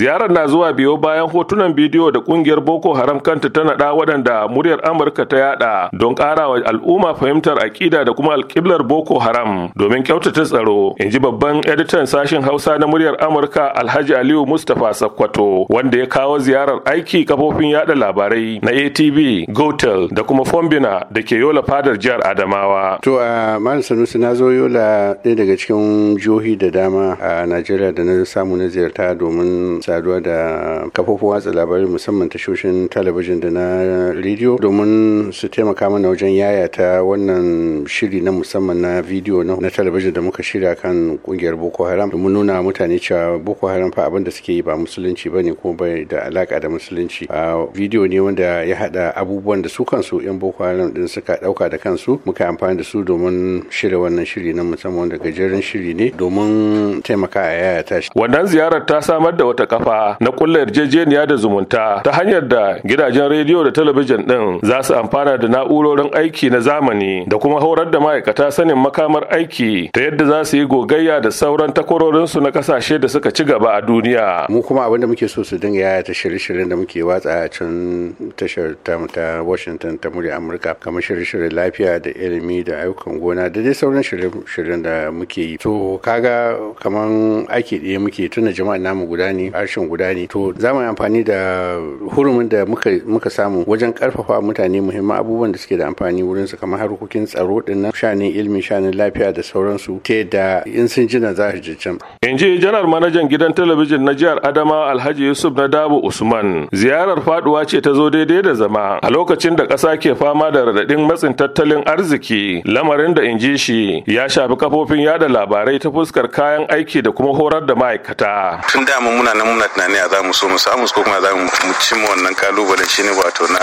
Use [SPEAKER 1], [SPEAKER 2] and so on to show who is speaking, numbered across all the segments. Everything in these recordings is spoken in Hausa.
[SPEAKER 1] ziyarar na zuwa biyo bayan hotunan bidiyo da kungiyar boko haram kanta ta naɗa waɗanda muryar amurka ta yada don ƙara wa al'umma fahimtar aƙida da kuma alƙiblar boko haram domin kyautata tsaro in ji babban editan sashen hausa na muryar amurka alhaji aliyu mustapha sakkwato wanda ya kawo ziyarar aiki kafofin yada labarai na atv gotel da kuma fombina da ke yola fadar jihar adamawa
[SPEAKER 2] to a malam sanusi na zo yola ɗaya daga cikin jihohi da dama a najeriya da na samu na ziyarta domin saduwa da kafofin watsa labarai musamman tashoshin talabijin da na rediyo domin su taimaka mana wajen yayata wannan shiri na musamman na bidiyo na talabijin da muka shirya kan kungiyar boko haram domin nuna mutane cewa boko haram fa abin da suke yi ba musulunci ba ne kuma bai da alaka da musulunci a bidiyo ne wanda ya hada abubuwan da su kansu yan boko haram din suka dauka da kansu muka amfani da su domin shirya wannan shiri na musamman wanda gajeren shiri ne domin taimaka a yayata shi
[SPEAKER 1] wannan ziyarar ta samar da wata kafa na kulla yarjejeniya da zumunta ta hanyar da gidajen rediyo da talabijin din za su amfana da na'urorin aiki na zamani da kuma horar da ma'aikata sanin makamar aiki ta yadda za su yi gogayya da sauran takwarorinsu na kasashe da suka ci gaba a duniya. Mu
[SPEAKER 2] kuma abin da muke so su dinga yaya ta shirye-shiryen da muke watsa a can tashar tamu ta Washington ta murya Amurka kamar shirye-shiryen lafiya da ilimi da ayyukan gona da dai sauran shirye-shiryen da muke yi. To kaga kamar aiki ɗaya muke tuna jama'a namu guda ne harshen guda ne to za mu yi amfani da hurumin da muka samu wajen karfafa mutane muhimman abubuwan da suke da amfani wurin su kamar harkokin tsaro dinnan shanin ilimi shanin lafiya da sauransu te da in sun jina za su je can
[SPEAKER 1] in ji janar manajan gidan talabijin na jihar adama alhaji yusuf na Dabu usman ziyarar faduwa ce ta zo daidai da zama a lokacin da ƙasa ke fama da raɗaɗin matsin tattalin arziki lamarin da in ji shi ya shafi kafofin yada labarai ta fuskar kayan aiki da kuma horar da ma'aikata
[SPEAKER 2] tun da muna nan muna tunani a za mu so mu samu ko kuma za mu cimma wannan kalubalen shi ne wato na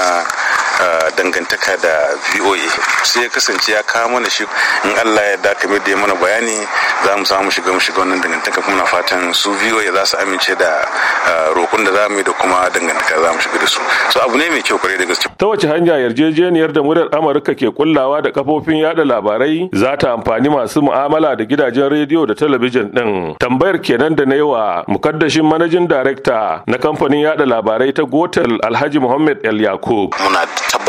[SPEAKER 2] ah, dangantaka da voa sai ya kasance ya kawo mana shi in allah ya da kamar da ya mana bayani za mu samu shiga mu shiga wannan dangantaka kuma na fatan su voa za su amince da ah, roƙon da za mu yi da kuma dangantaka za mu shiga da su so abu ne mai kyau kwarai da gaske
[SPEAKER 1] ta wace hanya yarjejeniyar da muryar amurka ke kullawa da kafofin yada labarai za ta amfani masu mu'amala da gidajen rediyo da talabijin din tambayar kenan da na yi wa mukaddashin manajin darekta na kamfanin yada labarai ta gotel alhaji muhammad el yakub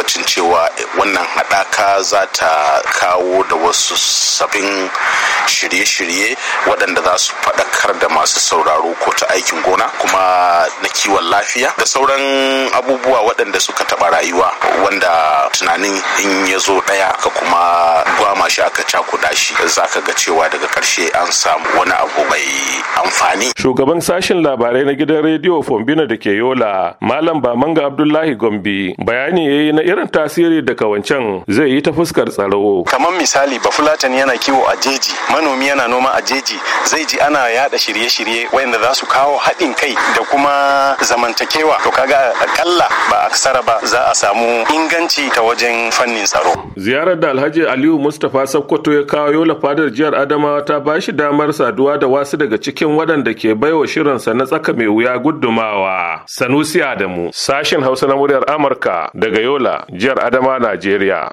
[SPEAKER 1] tabbacin cewa wannan haɗaka za ta kawo da wasu sabbin shirye-shirye waɗanda za su faɗakar da masu sauraro ko ta aikin gona kuma na kiwon lafiya da sauran abubuwa waɗanda suka taɓa rayuwa wanda tunanin in ya zo ɗaya ka kuma gwama shi aka cakuɗa shi za ka ga cewa daga karshe an samu wani abu mai amfani. Shugaban sashen labarai na gidan rediyo Fombina da ke Yola, Malam Bamanga Abdullahi Gombe, bayani ya yi na irin tasiri da wancan zai yi ta fuskar tsaro. Kamar misali, Bafulatani yana kiwo a jeji, manomi yana noma a jeji, zai ji ana yada shirye-shirye wayanda za su kawo haɗin kai da kuma zamantakewa. To kaga akalla ba a ba za a samu inganci ta wajen fannin tsaro. Ziyarar da Alhaji Aliyu Mustapha Sokoto ya kawo Yola Fadar jihar Adamawa ta ba shi damar saduwa da wasu daga cikin waɗanda ke baiwa shirinsa na tsaka mai wuya gudumawa. Sanusi Adamu, sashen Hausa na muryar Amurka daga Yola, jihar Adamawa, Najeriya.